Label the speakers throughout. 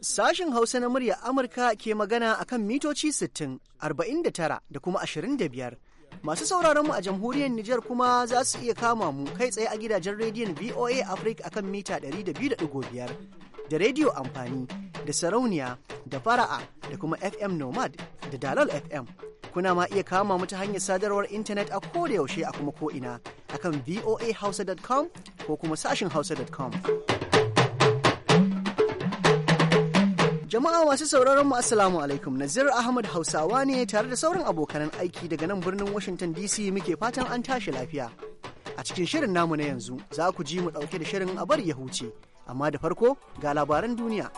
Speaker 1: Sashen Hausa na murya Amurka ke magana a kan mitoci 60, 49 da kuma 25. Masu sauraron mu a jamhuriyar Nijar kuma za su iya kama mu kai tsaye a gidajen rediyon VOA Africa akan mita 200.5 da rediyo amfani da sarauniya da fara'a da kuma FM Nomad da Dalal FM. Kuna ma iya kama mu ta hanyar sadarwar intanet a ko da yaushe a kuma ko'ina akan voahausa.com ko kuma sashin hausa.com.
Speaker 2: Jama'a masu sauraron mu Assalamu
Speaker 1: alaikum Nazir Ahmad Hausawa ne tare da sauran abokanan aiki daga nan birnin Washington DC muke fatan an tashi lafiya. A cikin shirin namu na yanzu za ku ji mu ɗauke da shirin a bari ya huce, amma da farko ga labaran duniya.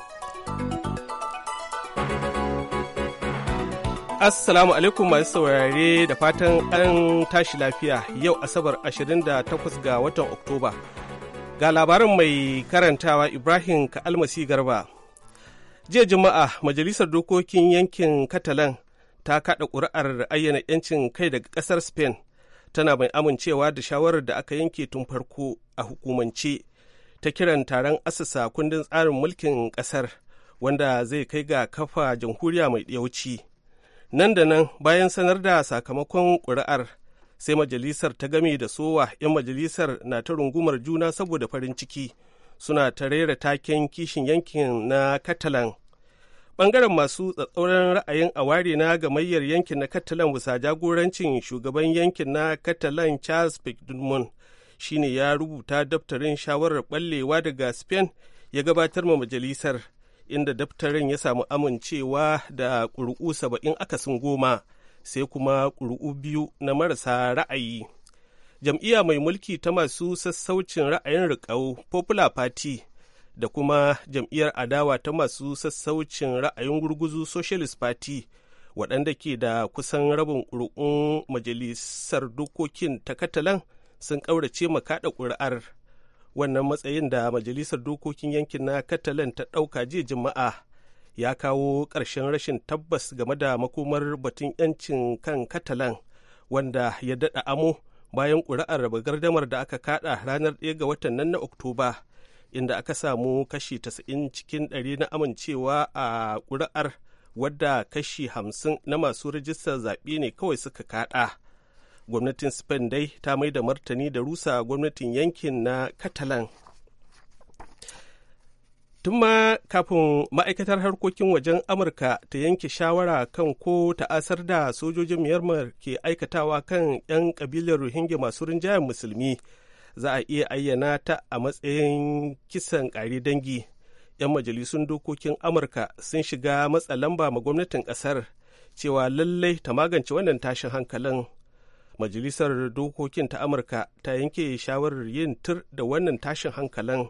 Speaker 3: Assalamu alaikum masu saurare da fatan an tashi lafiya yau Asabar 28 ga watan Oktoba. Ga labarin mai karantawa Ibrahim Ka'almasi Garba. Jiya Juma'a Majalisar Dokokin Yankin Katalan ta kaɗa ƙuri'ar ayyana 'yancin kai daga ƙasar Spain tana mai amincewa da shawarar da aka yanke tun farko a hukumance ta kiran taron asasa kundin tsarin mulkin ƙasar wanda zai kai ga kafa jamhuriya mai ɗiyauci. nan da nan bayan sanar da sakamakon ƙuri'ar sai majalisar ta game da sowa 'yan majalisar na ta rungumar juna saboda farin ciki suna ta rera taken kishin yankin na catalan ɓangaren masu tsatsauran ra'ayin aware na gamayyar yankin na katalan bisa jagorancin shugaban yankin na katalan charles picdumont shine ya rubuta daftarin shawarar ɓallewa daga spain ya gabatar ma majalisar inda daftarin ya samu amincewa da ƙuri'u saba'in akasin goma sai kuma ƙuri'u biyu na marasa ra'ayi jam'iyya mai mulki ta masu sassaucin ra'ayin riƙau popular party da kuma jam'iyyar adawa ta masu sassaucin ra'ayin gurguzu socialist party waɗanda ke da kusan rabin ƙuri'un majalisar dokokin ta katalan sun ƙaurace makaɗa ƙuri'ar wannan matsayin da majalisar dokokin yankin na katalan ta ɗauka jiya juma'a ya kawo ƙarshen rashin tabbas game da makomar batun 'yancin kan katalan wanda ya daɗa amo bayan ƙuri'ar raba gardamar da aka kaɗa ranar 1 ga watan nan na oktoba inda aka samu kashi 90 cikin 100 na amincewa a ƙuri'ar wadda kashi 50 na masu rijistar zaɓe ne kawai suka kaɗa gwamnatin spain dai ta mai da martani da rusa gwamnatin yankin na catalan tun ma kafin ma'aikatar harkokin wajen amurka ta yanke shawara kan ko ta'asar da sojojin myanmar ke aikatawa kan 'yan kabilar rohingya masu rinjayen musulmi za a iya ayyana ta a matsayin kisan ƙari dangi 'yan majalisun dokokin amurka sun shiga matsa lamba ma gwamnatin ƙasar cewa lallai ta magance wannan tashin hankalin majalisar dokokin ta amurka ta yanke shawarar yin tur da wannan tashin hankalin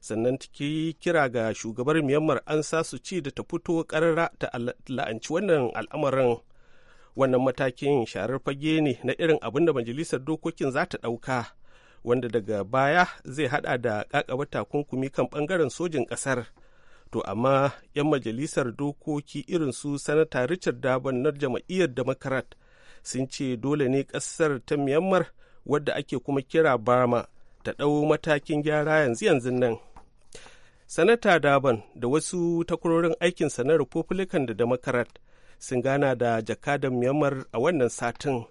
Speaker 3: sannan take kira ga shugabar myanmar an sa su ci da ta fito karara ta la'anci wannan al'amarin wannan matakin sharar fage ne na irin abin da majalisar dokokin za ta ɗauka wanda daga baya zai hada da kakaba takunkumi kan bangaren sojin ƙasar to amma 'yan majalisar dokoki irin su sanata richard daban na jama'iyyar democrat sun ce dole ne ƙasar ta myanmar wadda ake kuma kira bama ta ɗau matakin gyara yanzu yanzu nan sanata daban da wasu takwarorin aikin na republican da democrat sun gana da jakadan myanmar a wannan satin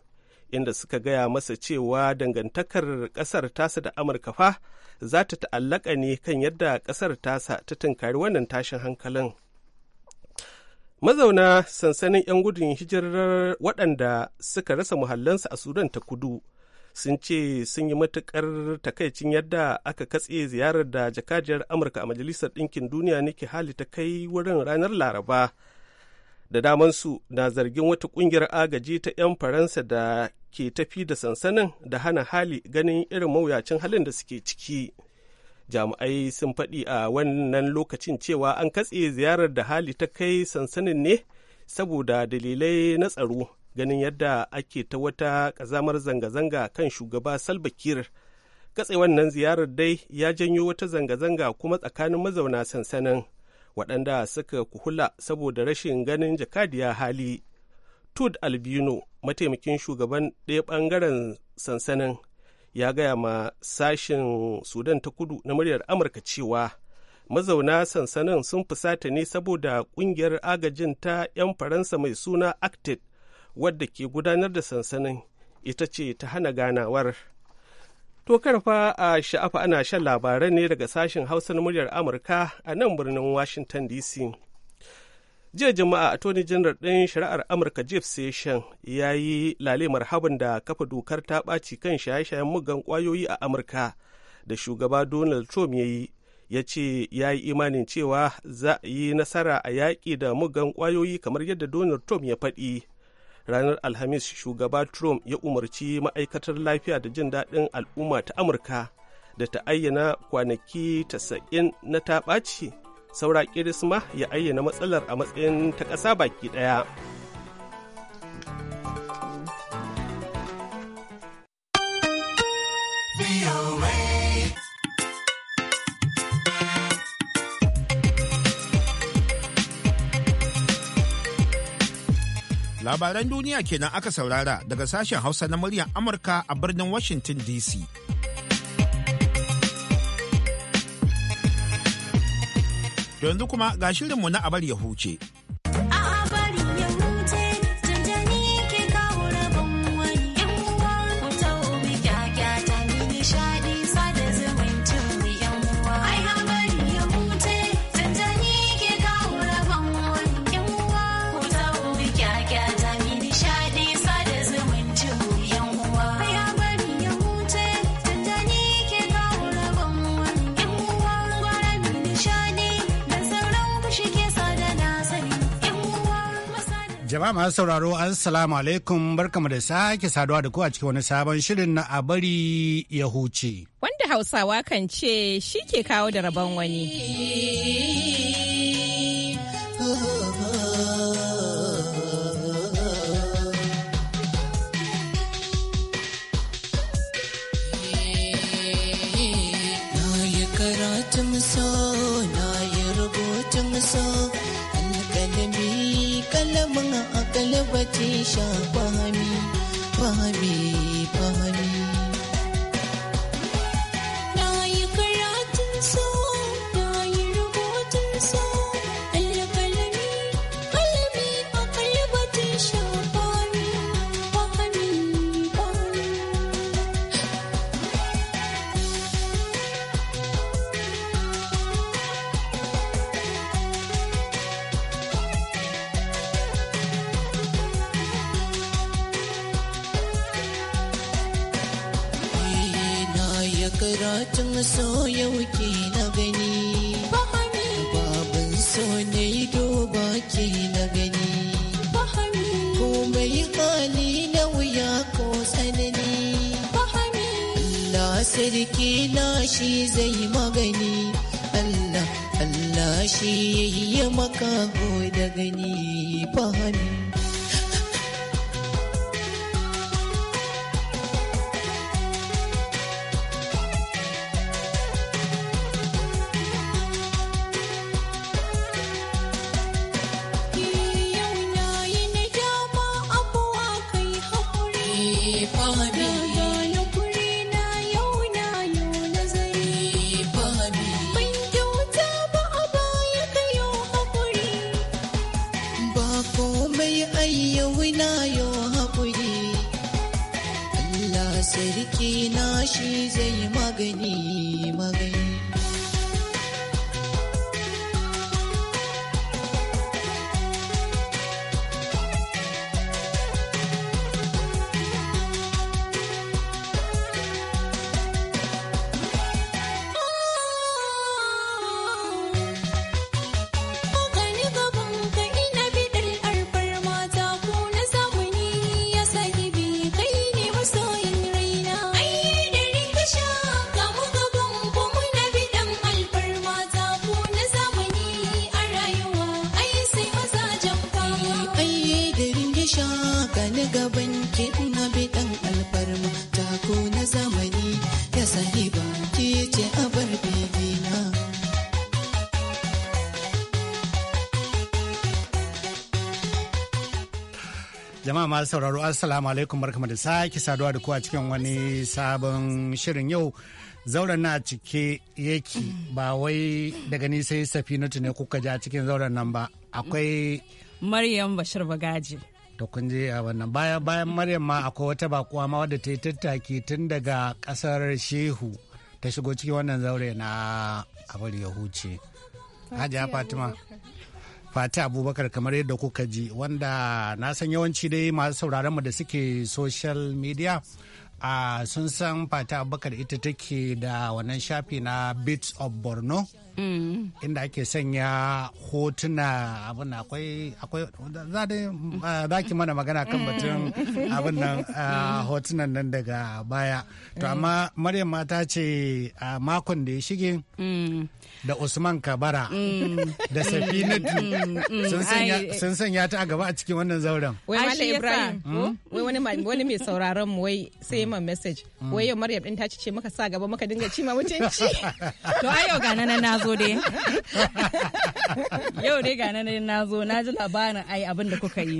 Speaker 3: inda suka gaya masa cewa dangantakar ƙasar tasa da amurka fa za ta ta'allaka ne kan yadda ƙasar tasa ta tunkari wannan tashin hankalin mazauna sansanin 'yan gudun hijirar waɗanda suka rasa muhallansu a sudan ta kudu sun ce sun yi matukar takaicin yadda aka katse ziyarar da jakajiyar amurka a majalisar ɗinkin duniya nake hali ta kai wurin ranar laraba da damansu na zargin wata ƙungiyar agaji ta 'yan faransa da ke tafi da sansanin da hana hali ganin irin mawuyacin halin da suke ciki jami'ai sun faɗi a wannan lokacin cewa an katse ziyarar da hali ta kai sansanin ne saboda dalilai na tsaro ganin yadda ake ta wata ƙazamar zanga-zanga kan shugaba salbakir kiir katse wannan ziyarar dai ya janyo wata zanga-zanga kuma tsakanin mazauna sansanin waɗanda suka kuhula saboda rashin ganin jakadiya hali tud albino mataimakin shugaban ɗaya ɓangaren sansanin ya gaya ma sashen sudan ta kudu na muryar amurka cewa mazauna sansanin sun fusata ne saboda kungiyar agajin ta 'yan faransa mai suna acted wadda ke gudanar da sansanin ita ce ta hana ganawar to karfa a sha'afa ana shan labarai ne daga sashen hausa na muryar amurka a nan birnin washington dc jiya juma'a attorney general ɗin shari'ar amurka jeff session ya yi lalemar habin da kafa dokar ta ɓaci kan shaye-shayen mugan ƙwayoyi a amurka da shugaba donald trump ya yi ya ce ya yi imanin cewa za a yi nasara a yaƙi da mugan ƙwayoyi kamar yadda donald trump ya faɗi ranar alhamis shugaba trump ya umarci ma'aikatar lafiya da jin daɗin al'umma ta amurka da ta ayyana kwanaki 90 na ta ɓaci. saura kirisma ya ayyana matsalar a matsayin ta ƙasa baki ɗaya.
Speaker 1: Labaran duniya kenan aka saurara daga sashen Hausa na muryar Amurka a birnin Washington DC. yanzu kuma ga shirinmu na abar ya huce. masu sauraro assalamu alaikum barkamu da sake saduwa da ku a cikin wani sabon shirin na a bari ya huce.
Speaker 4: Wanda Hausawa kan ce shi ke kawo da rabon wani.
Speaker 2: ce sha fahami fahami fahami so yau ke na gani babin so ne doba ke na gani komai hali na wuya ko tsanani Allah sarki na shi zai magani Allah Allah shi ya maka da gani fahimi
Speaker 1: jama'a masu sauraro assalamu alaikum barkamu da sake saduwa da ku a cikin wani sabon shirin yau zauren na cike yake ba wai daga ni sai safinatu ne kuka ja cikin zauren nan ba akwai maryam bashir bagaji to kun je a wannan bayan bayan maryam ma akwai wata bakuwa ma wadda ta yi tattaki tun daga kasar shehu ta shigo cikin wannan zaure na abin ya huce hajiya fatima Fati Abubakar kamar yadda kuka ji wanda na san yawanci dai masu sauraron mu da suke social media a sun san Fati Abubakar ita take da wannan shafi na Bits of Borno Mm. inda ake sanya hotuna abin akwai akwai za da ah, za ki mana magana kan batun mm. abin nan ah, mm. hotunan nan daga baya to eh. amma maryam mata ce ah, makon da ya shige da usman kabara da safinatu sun sanya ta a gaba a cikin wannan zauren wai malam ibrahim hmm?
Speaker 4: wai wani mai sauraron mu wai sai hmm. ma message hmm. wai yau maryam din ta ce maka sa gaba maka dinga ci ma mutunci to ayo ga na na zo dai
Speaker 5: yau dai ga na na zo na ji labarin ai abin da kuka yi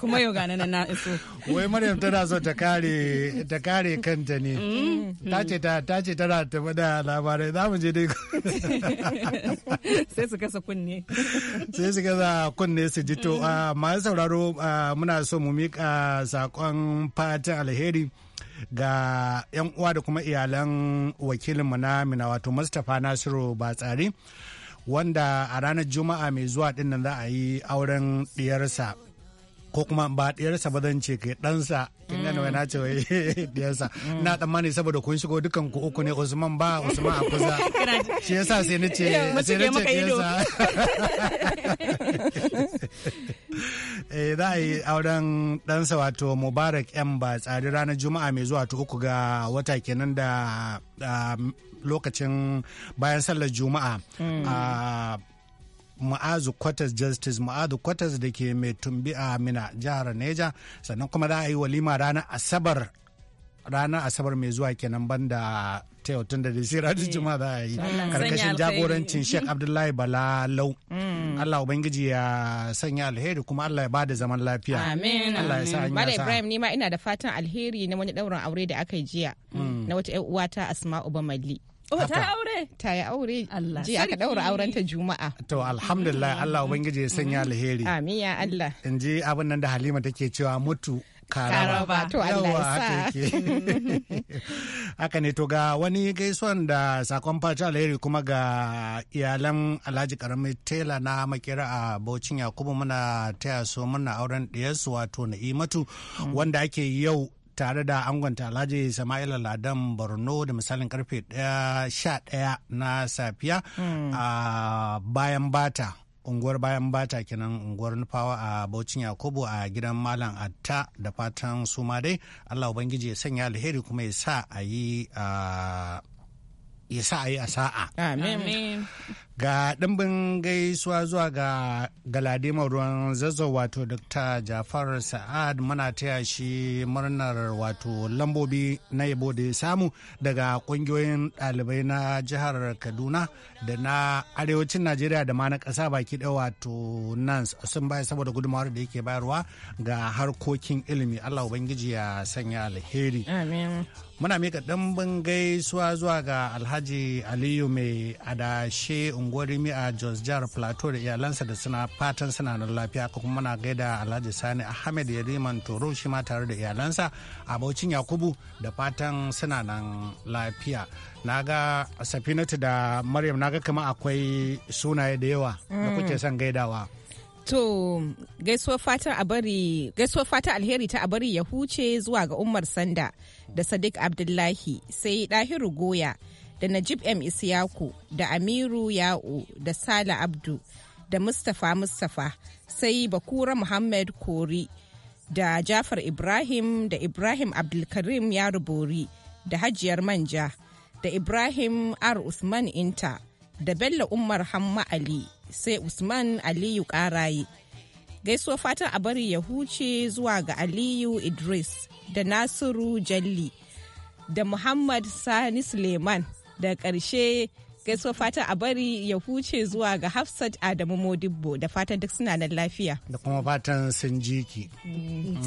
Speaker 5: kuma yau ga na iso wai maryam tana so
Speaker 1: ta kare ta kare kanta ne mm. ta ce ta ta ce tana ta bada labarai za mu je dai
Speaker 5: sai su kasa kunne
Speaker 1: sai su kasa kunne su ji to mm. ah, masu sauraro ah, muna so mu mika sakon fatan alheri ga 'yan uwa da kuma iyalan wakilin na mina wato mustapha nasiru batsari wanda a ranar juma'a mai zuwa dinnan za a yi auren diyarsa. ko kuma ba ɗiyarsa ba zan ce ke ɗansa kin gane wai na ce wai ɗiyarsa mm. na tsammani saboda kun shigo dukan ku uku ne Usman ba Usman a kusa shi yasa sai ni ce sai ni ce ɗiyarsa eh za a yi auren ɗansa wato Mubarak M ba tsari ranar Juma'a mai zuwa ta uku ga wata kenan da um, lokacin bayan sallar Juma'a mm. ah, mu'azu quarters justice ma'azu kwatas da ke mai tumbi a mina jihar neja sannan kuma za a yi walima ranar asabar ranar asabar mai zuwa kenan banda ta yau tun da sai da eh, juma'a za a yi karkashin jagorancin sheikh abdullahi bala lau mm. allah ubangiji ya sanya alheri kuma allah ya bada zaman lafiya amin allah ya sa an bada ibrahim
Speaker 4: nima ina da fatan alheri na wani daurin aure da aka yi jiya mm. na wata uwata asma'u bamalli Oh, ta aure. Ta yi aure. Allah Ji aka daura
Speaker 1: auren ta Juma'a. To alhamdulillah Allah ubangiji ya sanya alheri. Amin ya Allah. In ji abin nan da Halima take cewa mutu karaba to Allah ya sa haka ne to ga wani gaisuwan da sakon fata alheri kuma ga iyalan Alhaji Karamai Tela na makera a bauchi Yakubu muna taya so muna auren ɗiyarsu wato Na'imatu mm. wanda ake yau tare da angonta Alhaji sama'il Ladan Borno da misalin karfe 11 na safiya hmm. a bayan bata. unguwar bayan bata kenan unguwar nufawa a Baucin Yakubu a gidan Malam Atta da fatan su ma dai Allah Ubangiji ya sanya alheri kuma ya sa a a sa'a. ga ɗimbin gaisuwa zuwa ga galadima ruwan zazzau wato dr jafar sa'ad muna taya shi murnar wato lambobi na yabo da ya samu daga ƙungiyoyin ɗalibai na jihar kaduna da na arewacin najeriya da ma na ƙasa baki ɗaya wato nans sun baya saboda gudunmawar da yake bayarwa ga harkokin ilimi allah ubangiji ya sanya alheri muna mika ɗimbin gaisuwa zuwa ga alhaji aliyu mai adashe unguwarin mi a jos jihar plateau da iyalansa da suna fatan suna nan lafiya ka kuma muna gaida alhaji sani ahmed yariman toro shi ma tare da iyalansa a baucin yakubu da fatan suna nan lafiya na ga safinatu da maryam na ga kama akwai sunaye da yawa da kuke mm. son gaidawa
Speaker 4: To gaisuwar fatan alheri ta a ya huce zuwa ga Umar Sanda da Sadiq Abdullahi sai Dahiru Goya da Najib M. Isiyaku da Amiru Ya'u da Sala Abdu da Mustapha Mustapha sai Bakura Muhammad Kori da Jafar Ibrahim da Ibrahim Abdulkarim Yarubori da Hajiyar Manja da Ibrahim R. Usman Inta da Bello Umar Hamma Ali sai Usman Aliyu Karaye. Gaisuwa fatan a bari ya huce zuwa ga Aliyu Idris da Nasiru Jalli da Muhammad Sani Suleiman da ƙarshe gaisuwa fata a bari ya huce zuwa ga Hafsat Adamu Modibbo da fatan duk suna nan lafiya.
Speaker 1: Da kuma fatan sun jiki.
Speaker 5: Mm,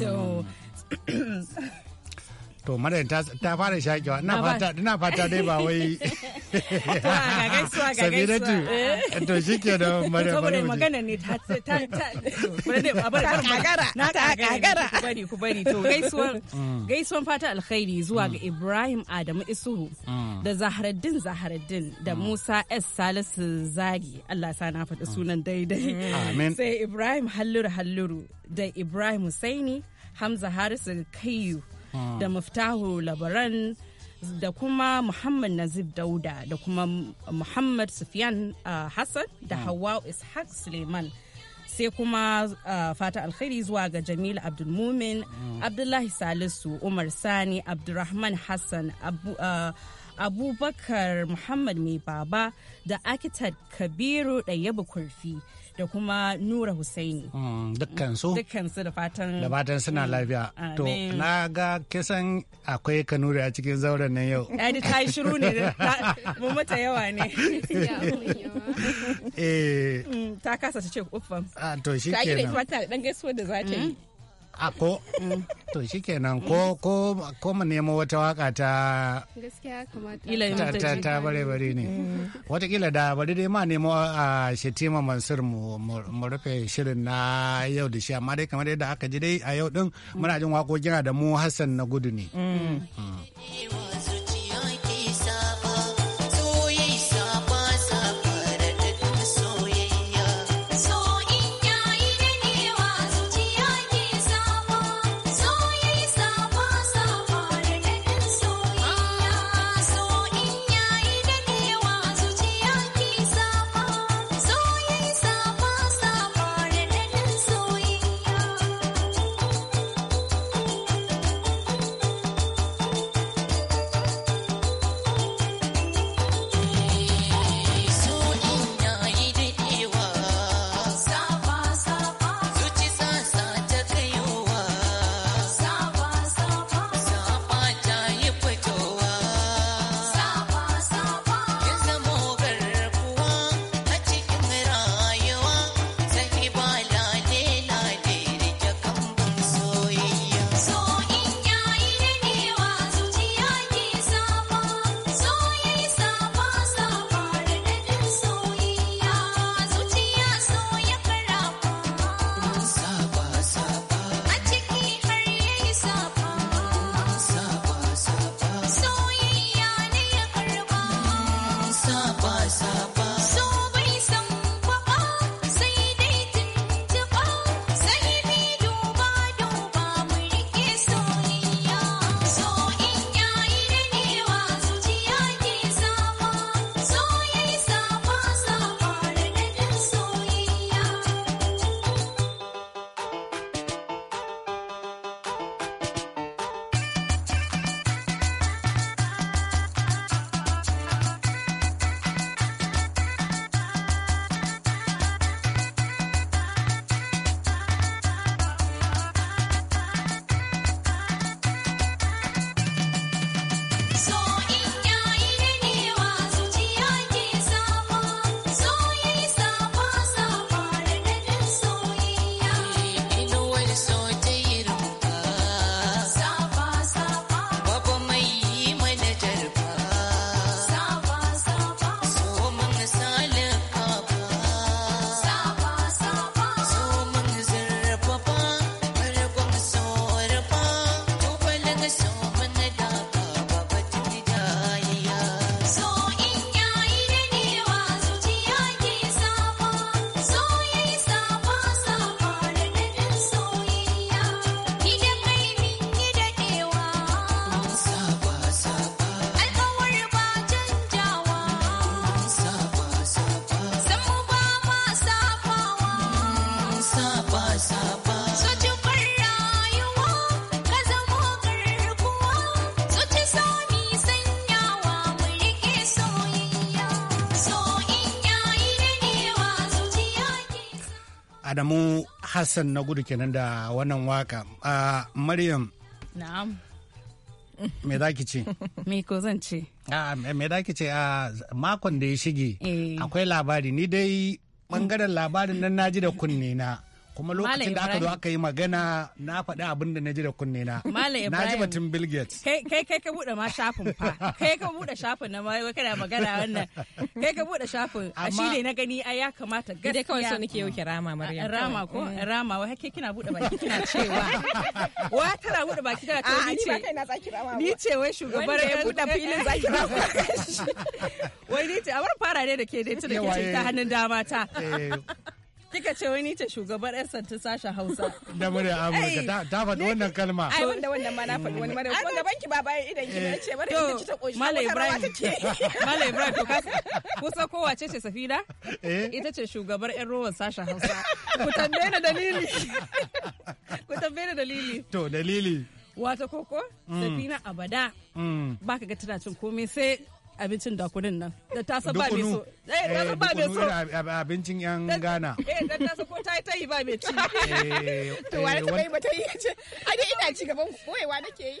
Speaker 1: to, Maryam ta fara shakewa, ina fata dai ba wai Gaisuwa gaisuwa. Sabiratu, eh. to shi ke da mara Saboda
Speaker 5: magana ne ta kagara. Na ta kagara. Ku bari, ku bari. To gaisuwan mm. fata alkhairi zuwa ga mm. Ibrahim Adamu Isuru mm. da Zaharaddin Zaharaddin da Musa S. Salisu Zagi. Allah sa na faɗi sunan daidai. Sai Ibrahim Halluru Halluru da Ibrahim Husaini Hamza Harisu Kayu da Muftahu Labaran da kuma Muhammad Nazib Dauda da kuma Muhammad Sufyan uh, Hassan da hmm. Hawa Ishaq Suleiman. sai kuma uh, fata alkhairi zuwa ga jamil abdulmumin hmm. abdullahi salisu umar sani abdulrahman hassan uh, abubakar muhammad mai baba da Akitar kabiru ɗayyaba kurfi da kuma Nura Hussaini.
Speaker 1: Mm, dukkansu? Dukkansu
Speaker 5: da fatan. Da
Speaker 1: fatan suna lafiya. To, na ga kisan akwai kanuri a cikin zauren nan yau.
Speaker 5: Yadi ta yi shiru ne, mu mata yawa ne.
Speaker 1: Eh.
Speaker 4: Mm, ta kasa ta ce uffam. Ah, to, shi kenan. Ta gida ita ta dan gaisuwa da za ta
Speaker 1: yi. Mm? a ko to shi kenan ko ko ko mu nemo wata waka ta
Speaker 6: gaskiya kamata ta ta bare
Speaker 1: bare ne mm. wata kila da bari dai ma nemo a shetima mansur mu mu rufe shirin na yau da shi amma dai kamar yadda aka ji dai a yau din muna jin waƙoƙin da mu hassan na gudu ne mm. mm. mu Hassan na gudu kenan da wannan waka. Uh, Maryam. Na'am. Me za ki ce? Me ko zan ce? Me za ki ce a makon da ya shige eh. akwai labari ni dai bangaren labarin nan ji da kunne na. kuma lokacin da aka zo aka yi magana na faɗi abin da na ji da kunne na na ji batun bill gates
Speaker 5: kai kai ka bude ma shafin fa kai ka bude shafin na ma kana magana wannan kai ka bude shafin a shi ne na gani ai ya kamata gaskiya dai kawai so nake yau ki rama maryam rama ko eh. rama wai kai kina bude baki kina cewa wa tana bude baki kina cewa ni ce
Speaker 4: ni ce wai shugabar ya
Speaker 5: bude filin zaki wai ni ce a bar fara ne da ke dai tunda ke ta eh. hannun dama ta eh. Kika ce wani ce shugabar yan ta sashen Hausa.
Speaker 1: Da murya Amurka ta faɗi wannan kalma. Ai wanda wannan ma na faɗi wani mara
Speaker 5: kuma gaban ki ba bayan idan ki eh. na ce bari ki ta koshi. Malam Ibrahim. Malam Ibrahim to kasa kusa kowace ce ce Safina? Eh. Ita ce shugabar yan rowan sashen Hausa. Ku tambaye na dalili. Ku tambaye na dalili.
Speaker 1: To dalili.
Speaker 5: Wata koko mm. Safina abada. Mm. Ba ka ga tana cin komai sai abincin da kunin nan da ta saba ba so eh ta saba ba eh, so
Speaker 1: abincin yan gana
Speaker 5: eh da ta saba ko ta yi ta yi ba mai ci
Speaker 1: eh, to eh, wani ta bai ba
Speaker 4: ta yi ai ina ci gaban koyewa nake yi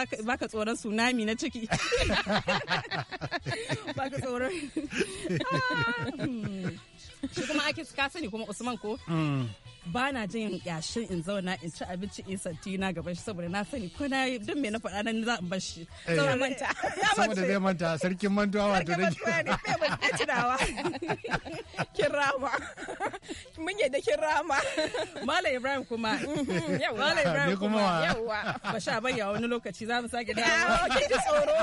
Speaker 5: ba ka tsoron tsunami na ciki ba ka tsoron ah, hmm. shi kuma ake ka sani kuma usman ko hmm. ba na jin yashin in zauna in ci abinci in santi na gaban shi saboda na sani ko na yi don me na faɗa nan za in bar shi eh. saboda manta saboda zai manta
Speaker 1: sarkin mantuwa wato da
Speaker 5: ke tunawa kin rama mun yadda kin rama malam ibrahim kuma yawa malam ibrahim kuma yawa ba sha bayya wani lokaci za mu sake dawo. Kin ji tsoro.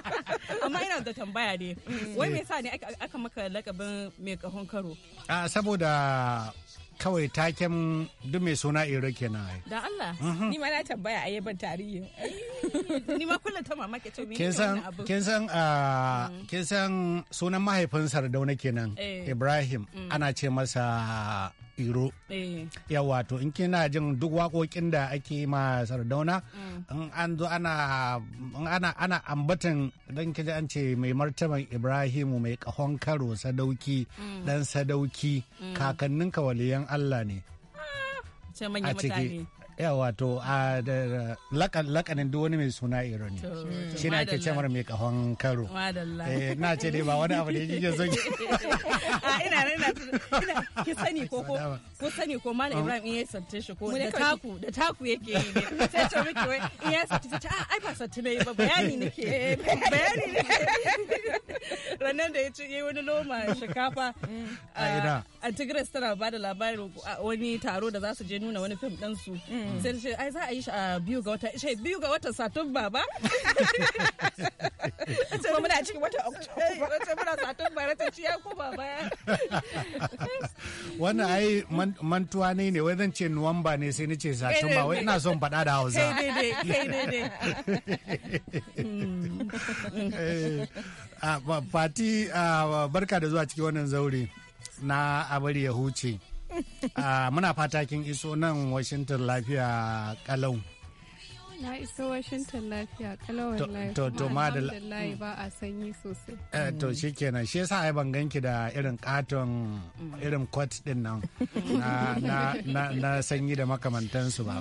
Speaker 5: Amma ina da tambaya ne. Mm. Wai me mm. yasa ne aka maka lakabin mai kahon karo?
Speaker 1: A ah, saboda kawai taken duk mai suna iro kenan.
Speaker 4: Da Allah, mhm. ni ma na tambaya a yaban tarihi. Ni ma kullum ta mamake to me ne abu. Kin
Speaker 1: san ah, mm. kin san sunan mahaifin Sardauna kenan eh. Ibrahim ana ce masa iro eh. yawa to in kina jin duk waƙoƙin da ake ma sardauna mm. in an zo ana ana ambatan don kiji an ce mai martaban ibrahimu mai kahon karo sadauki dan mm. sadauki mm. kakannin kawaliyan allah ne
Speaker 5: ah, a ciki
Speaker 1: ya eh, wato a lakanin duk wani mai suna ironi
Speaker 5: shi na ake cemar
Speaker 1: mai kahon karo eh, na ce dai ba wani abu da yake zo
Speaker 5: ah, ina ina ki sani ko ko ko sani ko mana oh. ibrahim in ya sante shi ko da taku da taku yake yi ne sai ce miki wai in ya sante sai a ah, ai ba sante ne ba bayani nake eh, bayani nake ranar da ya ci yayi wani loma shinkafa a Tigres tana ba da labarin wani taro da za su je nuna wani fim ɗansu. Mm. Mm. sai ce ai za a yi shi a biyu ga wata shi biyu ga wata satumba ba kuma muna cikin wata oktoba wata muna satumba na ta ciya ko ba baya
Speaker 1: wannan ai mantuwa ne ne wai zan ce nuwamba ne sai ni ce satumba wai ina son faɗa da hausa kai daidai kai daidai hmm. eh, ah, Fati ah, barka da zuwa cikin wannan zaure na abari ya huce. Ah, muna fata kin iso nan Washington lafiya kalau.
Speaker 4: Na iso Washington lafiya kalau To ma da mm. ba a sanyi sosai.
Speaker 1: Eh, to mm. shi kenan shi yasa ban ganki da irin katon mm. irin kwat din nan na na sanyi da makamantansu ba.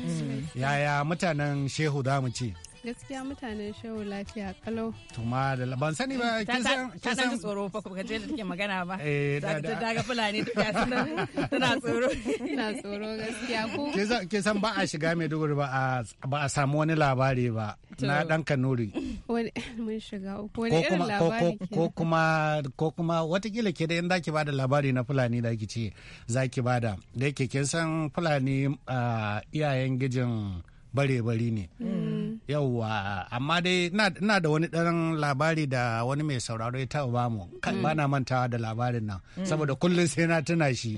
Speaker 1: Yaya mutanen Shehu za mu ce?
Speaker 5: gaskiya mutanen shehu lafiya kalau
Speaker 1: tuma da ban sani ba kin san kin
Speaker 5: tsoro fa ka je da take magana ba eh, ta daga fulani duk fulani duka tana tsoro tana tsoro gaskiya ko
Speaker 1: kin san ba a shiga mai dogoro ba a ba a samu wani labari ba na dan kanuri
Speaker 5: mun
Speaker 2: shiga ko wani irin labari ko
Speaker 1: kuma ko kuma watakila ke da in ba bada labari na fulani da ki ce zaki bada da yake kin san fulani ah, iyayen gijin bare-bari ne mm. yawwa amma dai na da wani ɗan labari da wani mai sauraro ya taɓa bamu mm. ba na mantawa da labarin nan mm. saboda kullum sai na tuna shi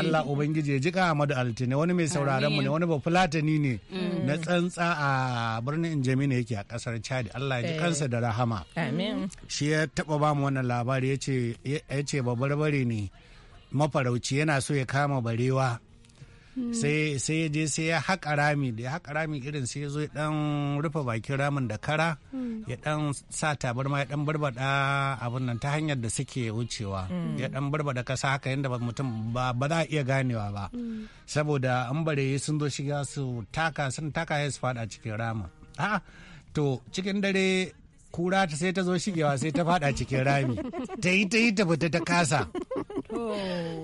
Speaker 1: Allah ubangiji ya jika Ahmadu Altine wani mai sauraron mu ne wani ba fulatani ne mm. na tsantsa a birnin Injamina yake a kasar Chad Allah ya ji eh. kansa da rahama shi ya taɓa bamu wannan labari ya ce barbare ne mafarauci yana so ya kama barewa sai hmm. sai ya je sai ya haƙa rami da ya haƙa rami irin sai ya zo ya dan rufe bakin ramin da kara hmm. ya dan sa tabarma ya dan barbada abin nan ta hanyar da suke wucewa hmm. ya dan barbada kasa haka yadda mutum ba ba za a iya ganewa ba saboda an bare sun zo shiga su taka sun taka ya su fada cikin ramin a'a to cikin dare kura ta sai ta zo shigewa sai ta fada cikin rami ta yi ta yi ta fita ta kasa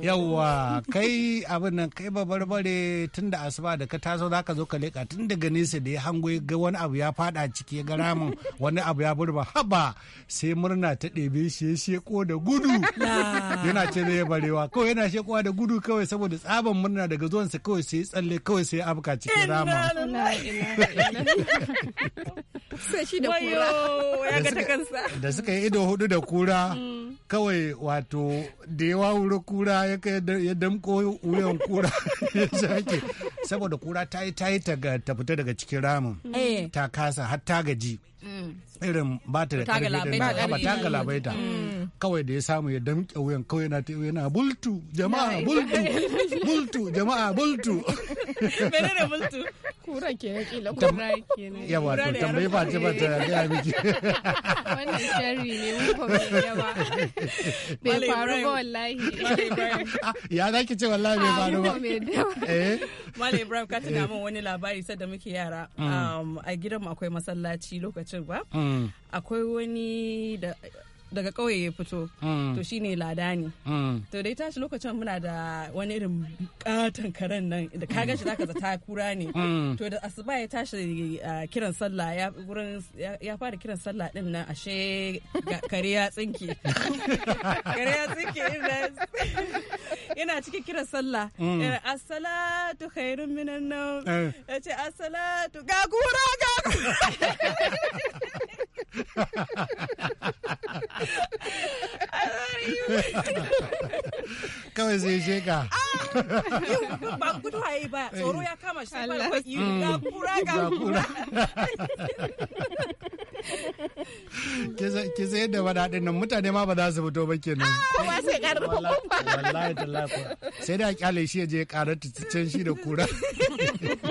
Speaker 1: yawwa kai abin nan kai ba barbare tun da asuba da ka taso za ka zo ka leka tun daga nesa da ya hango ga wani abu ya fada ciki ya ga ramin wani abu ya burba haba sai murna ta ɗebe shi ya sheko da gudu yana ce zai barewa kawai yana shekowa da gudu kawai saboda tsaban murna daga zuwansa kawai sai tsalle kawai sai afka cikin rama da da suka yi ido hudu da kura mm. kawai wato da yawa kura kura ya damko wuyan kura ya sake saboda kura ta yi ta yi ta fita daga cikin ramin eh. ta kasa har ta gaji mm. irin ba ta da ƙarfi ba ta galabaita mm. kawai da ya samu ya damƙe wuyan kawai na ta yana bultu jama'a bultu bultu jama'a bultu
Speaker 4: menene bultu kura ke na kila kura ke na yawa to tambayi ba ta ba ta miki
Speaker 1: wannan sharri ne mun ko yawa bai faru ba wallahi ya za ki ce wallahi bai faru ba eh
Speaker 5: Ibrahim ka tuna eh. min wani labari da muke yara mm. um, a gidanmu akwai masallaci lokacin ba mm. Mm. akwai wani da daga kauye ya fito mm. to shine lada ne mm. to dai tashi lokacin muna da wani irin katon karen nan da kaga shi zaka zata kura ne to da asuba ya tashi kiran sallah ya fara kiran sallah din nan ashe kare ya tsinke kare ya tsinke ina cikin kiran sallah eh, as-salatu khairun minan nan eh. yace ce salatu ga kura ga kura
Speaker 1: Kawai sai je ka. Ah, ba gudu haye ba, eh. tsoro ya kama shi ba mm. ga kura ga kura. Ke sai yadda ba daɗin nan mutane ma ba za su fito ba kenan. Ah,
Speaker 2: Kowa sai ƙarar kuma. Wallahi
Speaker 1: tallafa. Sai da kyale shi ya je ƙarar tuttucen shi da kura.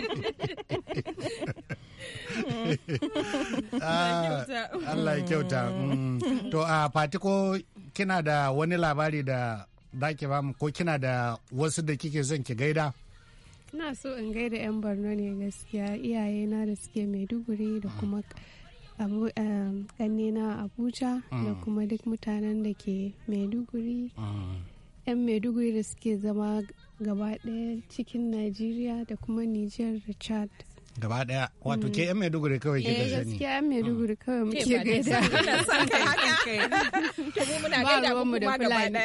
Speaker 1: Ah, Allah ya kyauta. Mm. Mm. To a ah, fatiko kina da wani labari da za ki bamu ko kina da wasu da kike son ki gaida?
Speaker 5: Ina so in gaida 'yan Borno ne
Speaker 2: gaskiya iyayena da suke Maiduguri da mm. kuma um, ƙannena Abuja da kuma duk mutanen da ke Maiduguri. 'Yan Maiduguri
Speaker 5: da suke zama gaba ɗaya cikin Najeriya da kuma Nijar da Chad.
Speaker 1: gaba daya wato mm. ke yan maiduguri kawai ke gaza ne gaskiya
Speaker 5: yan maiduguri mm. kawai muke gaida to mu muna gaida mu da fulani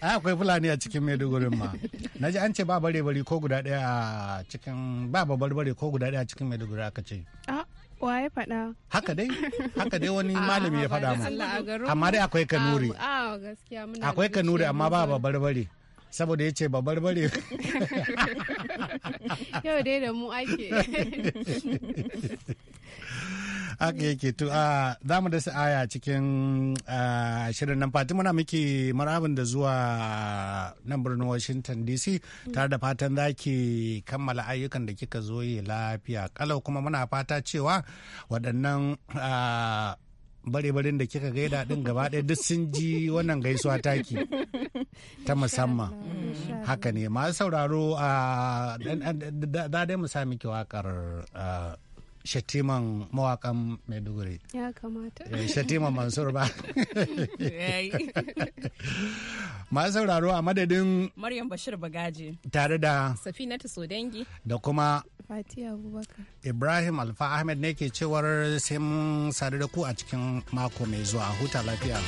Speaker 1: a akwai fulani a cikin maidugurin ma Na ji an ce ba bare bare ko guda daya a cikin ba babbar bare ko guda daya a cikin maiduguri aka ce
Speaker 5: Wa fada
Speaker 1: faɗa? Haka dai, haka dai wani malami ya faɗa mu. Amma dai akwai kanuri.
Speaker 2: Akwai kanuri
Speaker 1: amma ba babbar bare. Saboda ya ce babbar bare.
Speaker 2: yau dai da mu ake
Speaker 1: haka yake to a za mu dasa aya cikin shirin nan fati muna miki marabin da zuwa nan birnin washington dc tare da fatan za ki kammala ayyukan da kika zo yi lafiya kalau kuma muna fata cewa waɗannan bare baren da kika gaida din gaba ɗaya duk sun ji wannan gaisuwa taki ta musamman haka ne masu sauraro a da dai mu sami miki wakar shatiman mawakan maiduguri
Speaker 5: ya kamata eh, shatiman
Speaker 1: mansur ba masu sauraro a madadin
Speaker 5: maryam bashir bagaji
Speaker 1: tare da
Speaker 5: safinatu
Speaker 4: sodangi da kuma Abubakar.
Speaker 1: Ibrahim Alfa Ahmed ne ke cewar sai mun sadu da ku a cikin mako mai zuwa huta lafiya.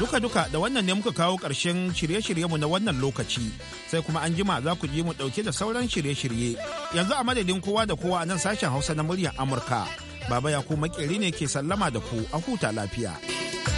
Speaker 3: Duka duka da wannan ne muka kawo ƙarshen shirye-shiryenmu na wannan lokaci
Speaker 1: sai kuma an jima za ku je mu ɗauke da sauran shirye-shirye yanzu a madadin kowa da kowa a nan sashen Hausa na muryar Amurka. Baba Yakubu Makeri ne ke sallama da ku a huta lafiya.